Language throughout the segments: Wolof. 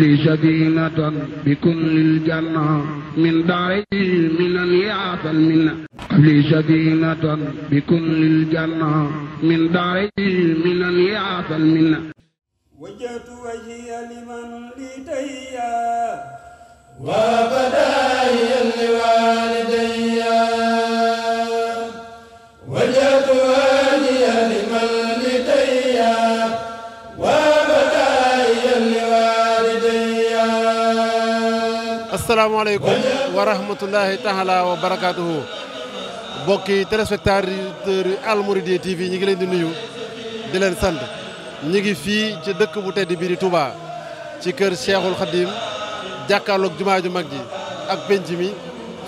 li sadinatan bi kullil janna min daari minan yaatal minna li sadinatan bi kullil janna min daari minan yaatal minna wajjahtu wajhiya liman li tayya wa badaaya li waalidayya asalaamaaleykum wa rahmatullahi taala wa barakaatuhu bokki téléspectateurs yi Al Mouridiyyah ñi ngi leen di nuyu di leen sant ñi ngi fii ci dëkk bu tedd bii di Touba ci kër Cheikhul Khadim jàkkaarloog jumaa ju mag ji ak penc mi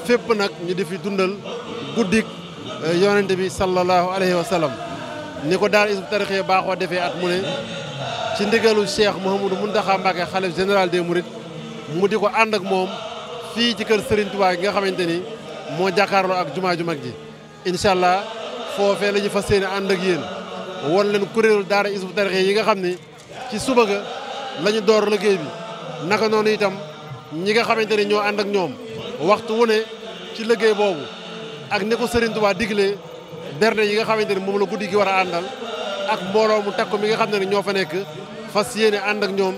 fépp nag ñu di fi dundal guddik eh, yonente bi sallallahu alayhi wa ni ko daal Hizbut Tarqiyyah baaxoo defee at mu ne ci ndigalu mu Mouhamadou Mountakha Mbacké xalif général des Mourides mu di ko ànd ak moom fii ci kër Serigne Touba nga xamante ni moo jàkkaarloo ak jumaa ju mag ji incha allah foofee la ñu fas yéene ànd ak yéen won leen kuréelu daara Hizbut Tarqiyyah yi nga xam ne ci suba ga lañu door liggéey bi naka noonu itam ñi nga xamante ne ñoo ànd ak ñoom waxtu wu ci liggéey boobu ak ni ko Serigne Touba diglee yi nga xamante ne moom la guddi gi war a àndal ak mbooloo mu takku mi nga xam ne ñoo fa nekk fas yéene ànd ak ñoom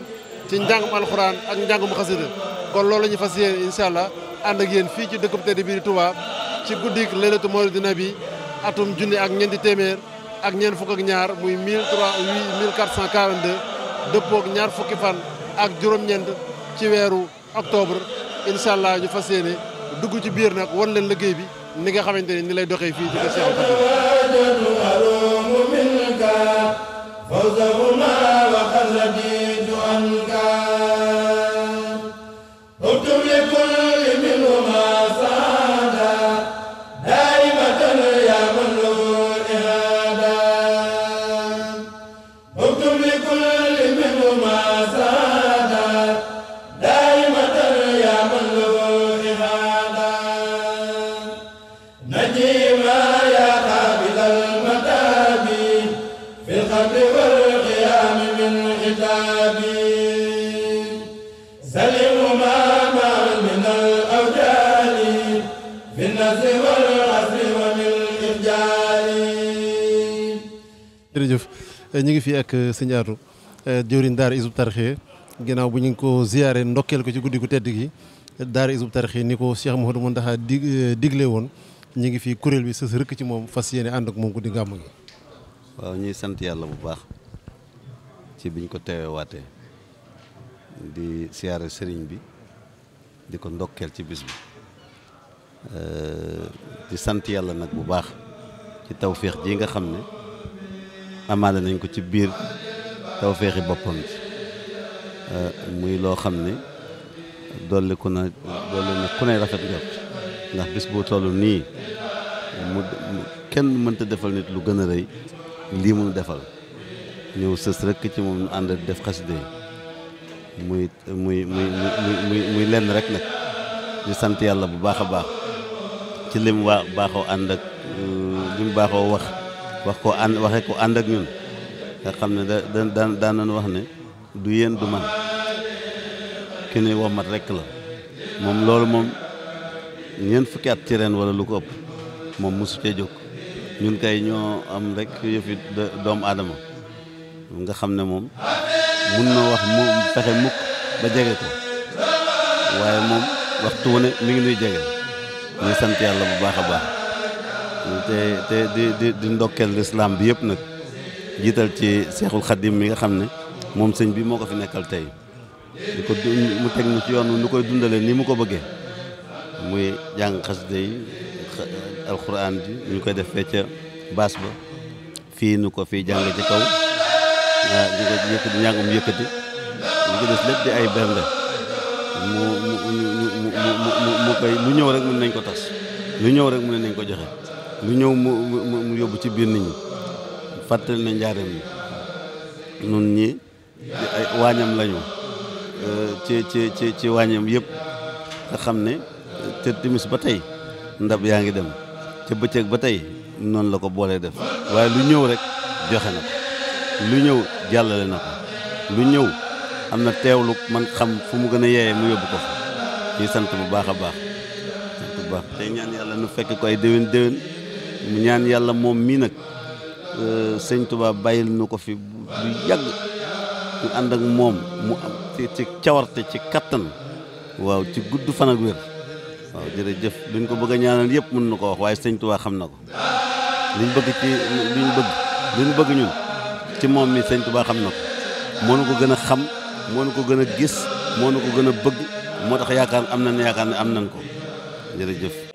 ci njàngum alxuraan ak njàngum xasida kon loolu la ñu fas yéene incha allah ànd ak yéen fii ci dëkk bu tedd bii di Touba ci guddik Leylatu Mawlidin Nabi atum junni ak ñeenti téeméer ak ñeent fukk ak ñaar muy 1442 dëppook ñaar fukki fan ak juróom-ñeent ci weeru octobre incha allah ñu fas yéene dugg ci biir nag wan leen liggéey bi ni nga xamante ni ni lay doxee fii ci kër Cheikh Fatou ngi fi ak eh, sëñ Atou eh, jëwriñ daara Hizbut Tarqiyyah ginnaaw bu ñu ngi ko ziyaare ndokkeel ko ci guddi gu tedd gi daara Hizbut Tarqiyyah ni ko Cheikh Mouhamadou Mountakha dig eh, digle woon ñu ngi fi kuréel bi sës rëkk ci moom fas yéene ànd ak moom guddi gàmm gi. waaw ñuy sant yàlla bu baax ci biñ ko teeweewaatee di siyaare sëriñ bi di ko ndokkeel ci bis bi di sant yàlla nag bu baax ci tawféex ji nga xam ne. amaale nañ ko ci biir tawféexi boppam ci euh, muy loo xam ni dolli ku na dolli na ku ne rafet njort ndax bis bu tollu nii mu kenn mënta defal nit lu gën a rëy lii mu defal ñëw sës rek ci moom ñu ànd def xasida yi muy muy muy muy muy lenn rek nag di sant yàlla bu baax a baax ci lim waa baaxoo ànd ak euh, lim baaxoo wax wax ko ànd waxe ko ànd ak ñun nga xam ne da daan daan nañu wax ne du yéen du man ki nuy womat rekk la moom loolu moom ñeent fukki at ci ren wala lu ko ëpp moom mosu cee jóg ñun kay ñoo am rek yëfi doomu aadama nga xam ne moom mun na wax mu fexe mukk ba jege ko waaye moom waxtu wu ne mi ngi nuy jege ñuy sant yàlla bu baax a baax te te di di di ndokkeel lislaam bi yëpp nag jiital ci seexul xadim mi nga xam ne moom sëñ bi moo ko fi nekkal tey di mu teg na ci yoon nu koy dundalee ni mu ko bëggee muy jàng xasida yi alxuraan ji ñu koy def fee baas ba fii nu ko fii jàng ci kaw waa ah, ñu ko yëkkati ñàngum lépp di ay bernde mu mu mu mu mu koy lu ñëw rek mën nañ ko tas lu ñëw rek mën nañ ko joxe lu ñëw mu mu mu yóbbu ci biir nit ñi fàttali na njaareem yi nun ñi waañam lañu euh, ci ci ci ci waañam yëpp nga xam ne te ba tey ndab yaa ngi dem te bëccëg ba tey noonu la ko boolee def waaye lu ñëw rek joxe na lu ñëw jàllale na ko lu ñëw am na teewlu man xam fu mu gën a yeeyee mu yóbbu ko fa ñuy sant bu baax a baax sant ñaan yàlla nu fekk ko ay déwén déwén ñaan yàlla moom mii nag euh, sëñ Tuubaa bàyyil nu ko fi du yàgg ñu ànd ak moom mu am ci cawarte ci kattan waaw ci gudd fan ak wér waaw jërëjëf luñ ko bëgg a ñaanal yëpp mën na ko wax waaye sëñ Tuubaa xam na ko liñ bëgg ci luñ bëgg liñ bëgg ñun ci moom mi sëñ Tuubaa xam na ko moo nu ko gën a xam moo nu ko gën a gis moo nu ko gën a bëgg moo tax yaakaar am nañ yaakaar ni am nañ ko jëf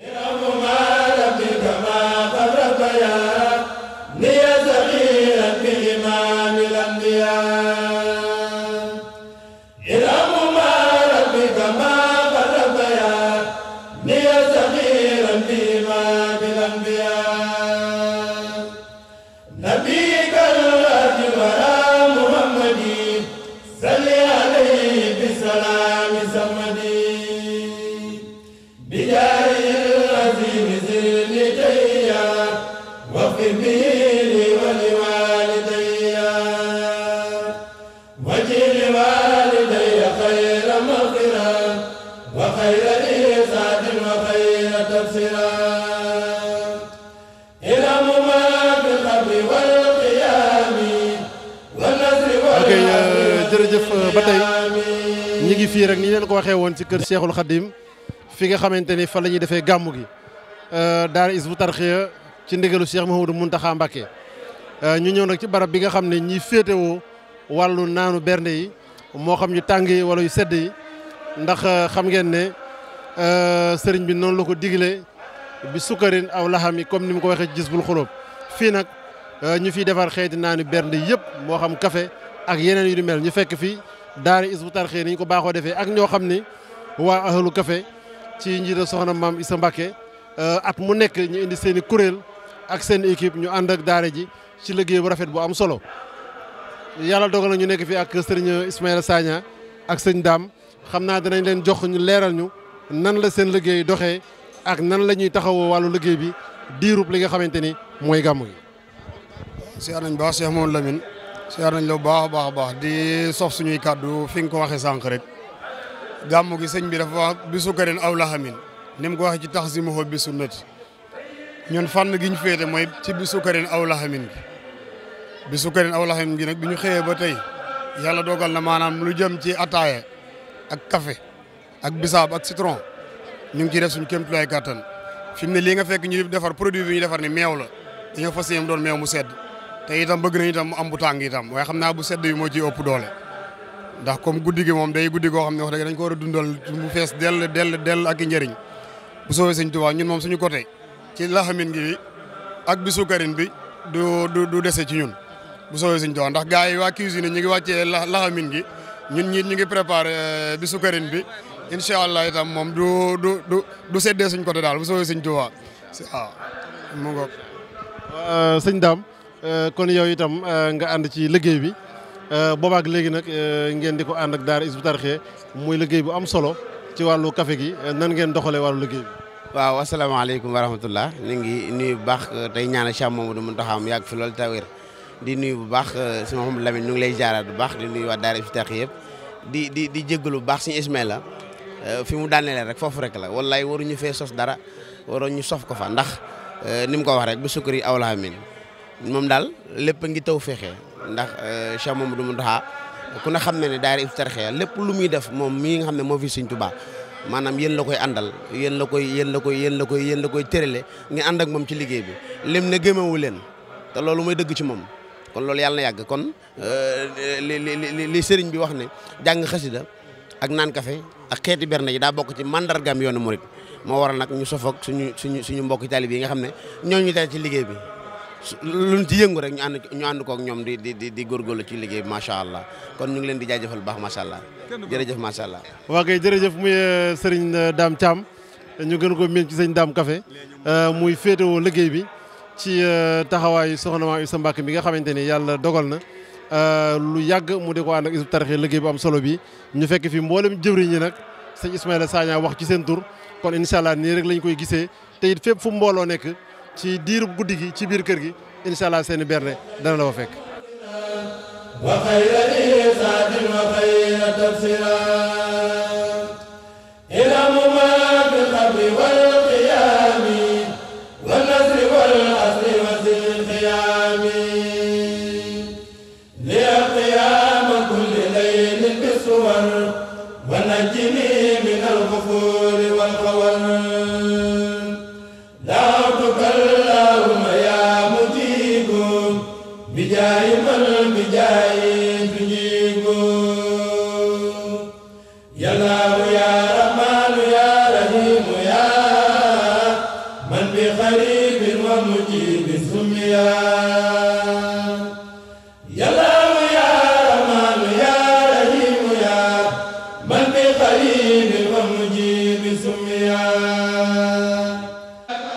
ok euh, jërëjëf euh, ba tey ñi ngi fii rek ni leen ko waxee woon ci kër Cheikhul Khadim fi nga xamante ni fa la ñuy defee gàmmu gi euh, daara Hizbut Tarqiyyah ci ndigalu Cheikh Mouhamadou Mountakha Mbacké ñu ñëw nag ci barab bi nga xam ne ñii féetewoo wàllu naanu bernde yi moo xam yu tàng yi wala yu sedd yi ndax xam ngeen ne Euh, sëriñ bi noonu la ko digle bi sukkarin aw laxami comme ni mu ko waxee ci Jazbul Xuloob fii nag euh, ñu fiy defar xeeti naanu bernde yëpp moo xam kafe ak yeneen yu ni mel ñu fekk fii daara Hizbut Tarqiyyah ni ñu ko baaxoo defee ak ñoo xam ni waa ahlu kafe ci njiital soxna maam Issa Mbacké euh, at mu nekk ñu indi seen i kuréel ak seen équipe ñu ànd ak daara ji ci liggéey bu rafet boo am solo yàlla dogal na ñu nekk fii ak sëriñ Ismaïla saaña ak sëñ daam xam naa danañ leen jox leeral ñu nan la seen liggéey doxee ak nan la ñuy taxawoo wàllu liggéey bi diirub li nga xamante ni mooy gàmmu gi siyaar nañ baax Cheikh Mamadou lamin siyaar nañ la baax a baax a baax di sof suñuy kàddu fi nga ko waxee sànq rek gàmmu gi sëñ bi dafa wax bisu karen aw laxamin ni mu ko waxee ci taxsimuhu bi sunnati ñun fànn gi ñu féete mooy ci bisu karen aw laxamin gi bisu karen aw laxamin gi nag bi ñu xëyee ba tey yàlla dogal na maanaam lu jëm ci ataaya ak café ak bisaab ak citron ñu ngi ciy def suñu kéemtulaay kàttan fi mu ne lii nga fekk ñu defar produit bi ñu defar ni meew la dañoo fas yéene doon meew mu sedd te itam bëgg nañu itam mu am bu tàng itam waaye xam naa bu sedd bi moo ciy ëpp doole ndax comme guddi gi moom day guddi goo xam ne wax dëgg dañ ko war a i njëriñ bu soobee sëñ Tuubaa ñun moom suñu côté ci laxamin gi ak bi suukarin bi du du dese ci ñun bu soobee sëñ Tuubaa ndax gars waa cuisine ñu ngi wàccee laxamin gi ñun ñiit ñu incha allah itam moom du du du du seddee suñ côté daal bu soobee suñ Tuubaa waaw mu ngoog. Euh, sëñ euh, kon yow itam euh, nga ànd ci liggéey bi boobaak léegi nag ngeen di ko ànd daar daara Hizbut Tarqiyyah muy liggéey bu am solo ci wàllu kafe gi nan ngeen doxalee wàllu liggéey bi. waaw asalaamaaleykum wa rahmatullah ñu ngi nuyu bu baax tey ñaanal Cheikh Mamadou Mountakha mu yàgg fi loolu tawér di nuyu bu baax si Mouhamadou Lamine ñu ngi lay jaaraat bu baax di nuyu waa daara Hizbut Tarqiyyah yëpp di di di jégalu bu baax suñu Ismaïla Euh, fi mu daanee rek foofu rek la wallaay waruñu fee sos dara waruñu sof ko fa ndax euh, ni mu ko wax rek bu sukkari awla amin moom daal lépp a ngi taw fexe ndax moom du mu Mountakha ku ne xam ne ne daayira Hizbut Tarqiyyah lépp lu muy def moom mii nga xam ne moo fi Sëriñ Tuubaa maanaam yéen la koy àndal yéen la koy yéen la koy yéen la koy yéen la koy tërale nga ànd ak moom ci liggéey bi lim ne gëmewu leen te loolu mooy dëgg ci moom kon loolu yàlla na yàgg kon euh, li li li sëriñ bi wax ne jàng xasida ak naan kafe ak xeeti berne yi daa bokk ci mandargam yoonu murit moo waral nag ñu sof ak suñu suñu suñu mbokki bi yi nga xam ne ñu tey ci liggéey bi luñ ci yëngu rek ñu ànd ñu ànd kook ñoom di di di góorgóorlu ci liggéey bi macha allah kon ñu ngi leen di jaajëfal baax macha allah jërëjëf macha allah. waa kay jërëjëf muy euh, Serigne euh, Dame Thiam ñu gën ko miin ci sëñ Dame Café euh, muy féetewoo liggéey bi ci taxawaayu soxna Maam sa Mbacke bi nga xamante ni yàlla dogal na Euh, lu yàgg mu di ko ànd ak Hizbut Tarqiyyah liggéey am solo bi ñu fekk fi mboolem jëwriñ ñi nag sëñ Ismaïla Sagna wax ci seen tur kon incha allah nii rek lañ koy gisee te it fépp fu mbooloo nekk ci diiru guddi gi ci biir kër gi incha allah seen i berne dana la wa fekk.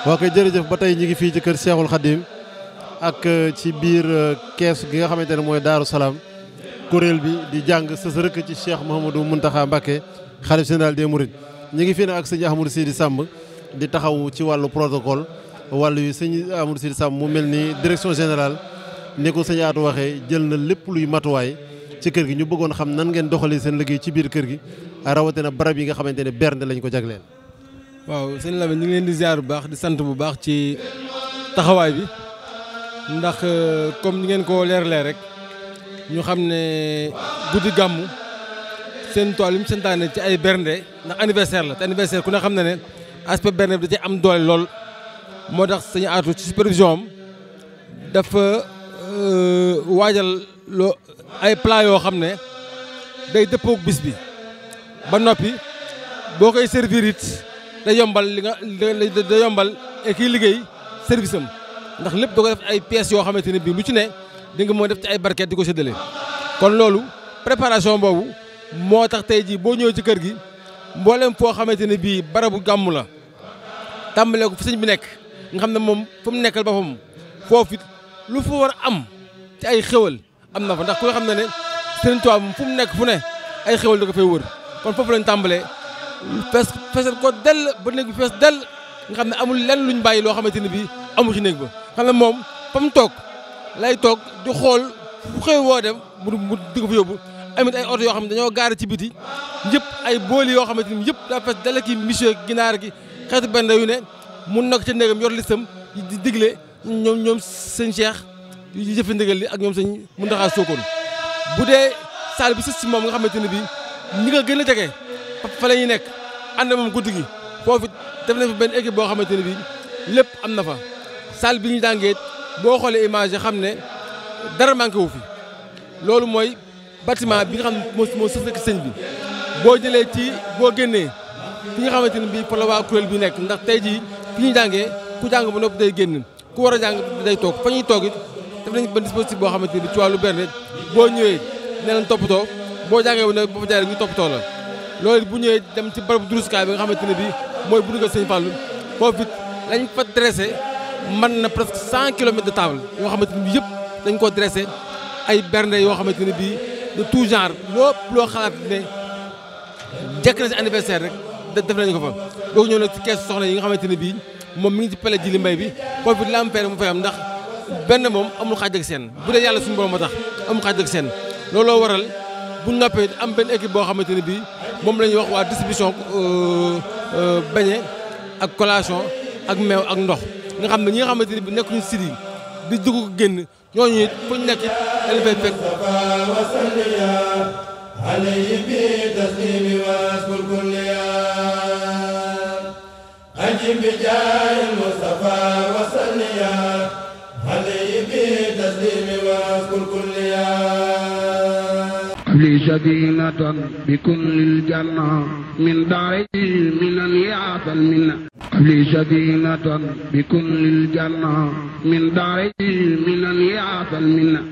waa koy jërëjëf ba tey ñu ngi fii ci kër Cheikhul Khadim ak euh, ci biir euh, kees gi nga xamante ne mooy Daaru Salaam kuréel bi di jàng sës rëkk ci Cheikh Mouhamadou Mountakha Mbacké xalif général des Mourides ñu ngi fii nag ak sëñ Ahmadou Sidi sàmb di taxaw ci wàllu protocole wàllu yi sëñ Ahmadou Sidi Samb mu mel ni direction générale ni ko sëñ Aatu waxee jël na lépp luy matuwaay ci kër gi ñu bëggoon xam nan ngeen doxalee seen liggéey ci biir kër gi rawatina barab yi nga xamante ne bernde lañ ko jagleel. waaw seen Lamine ñu ngi leen di ziar bu baax di sant bu baax ci taxawaay bi ndax euh, comme ni ngeen ko leeralee rek ñu xam ne guddi gàmmu seen tool yi mu santaane ci ay bernde ndax anniversaire la te anniversaire ku ne xam ne ne aspect bernde bi da cee am doole lool moo tax sañu aatu ci supervision am dafa euh, waajal loo ay plat yoo xam ne day dëppook bis bi ba noppi boo koy servir it da yombal li nga da yombal eh, kii liggéey service am ndax lépp da ko def ay pièces yoo xamante ne bii lu ci ne dinga nga moo def ci ay barquette di ko séddale kon loolu préparation boobu moo tax tey jii boo ñëwee ci kër gi mbooleem foo xamante ne bii barabu gàmmu la tàmbalee ko fi sëñ bi nekk nga xam ne moom fu mu nekkal boppam foofu it lu fa war a am ci ay xéwal am na fa ndax ku nga xam ne ne Sëriñ Tuubaa fu mu nekk fu ne ay xéwal da ko fay wër kon foofu tàmbalee. fees feesal ko dell ba néeg bi fees dell nga xam ne amul lenn luñ bàyyi loo xamante ne bii amul ci néeg ba xam ne moom fa mu toog lay toog di xool fu xëy woo dem mu mu di ko fa yóbbu amit ay oto yoo xam ne dañoo gaare ci biti yëpp ay booli yoo xamante ni yëpp daa fees dell ki monsieur ginaar gi xeetu benn yu ne mun na ko ca néegam yor listam di digle ñoom ñoom sëñ Cheikh yi jëfe ndigal li ak ñoom sëñ Mountakha Sokone bu dee saal bi si si moom nga xamante ne bii ñi nga gën a jege fa la ñuy nekk ànd moom guddi gi foofu def nañ fa benn équipe boo xamante ne bii lépp am na fa. salle bi ñu jàngeet boo xoolee image yi xam ne dara manqué wu fi loolu mooy bâtiment bi nga xam moo moo sës nekk sëñ bi boo jëlee ci boo génnee fi nga xamante ne bii fa la waa kuréel bi nekk ndax tey jii fi ñu jàngee ku jàng ba noppi day génn ku war a jàng day toog fa ñuy toog it def nañ benn dispositif boo xamante ne bii ci wàllu benn boo ñëwee ne leen toppatoo boo jàngee wu ne ba ñu toppatoo la. loolu bu ñëwee dem ci barabu durusukaay bi nga xamante ne bii mooy bu dugg sëñ Fallou foofu it lañ fa dressé man na presque cent kilomètres de table yoo xamante ne bii yëpp dañ koo dressé ay bernde yoo xamante ne bii de tout genre lépp loo xalaat ne jekk na si anniversaire rek def nañu ko fa. donc ñëw ne ci kees soxna yi nga xamante ne bii moom mi ngi ci pale ji li mbay bi foofu it lampeer mu fay am ndax benn moom amul xaaj ak seen bu dee yàlla suñu borom moo tax amul xaaj ak seen loo waral. bu ñu noppee am benn équipe boo xamante ne bii moom la ñuy wax waa distribution euh, euh, beñe ak collation ak meew ak ndox nga xam ne ñi nga xamante ne bii nekkuñu si di dugg ko génn ñooñu it fu ñu nekk it dañu fay fekk. سبيلة بكل الجنة من دار من أن يعطى المنة قبلي سبيلة بكل الجنة من دار من أن يعطى المنة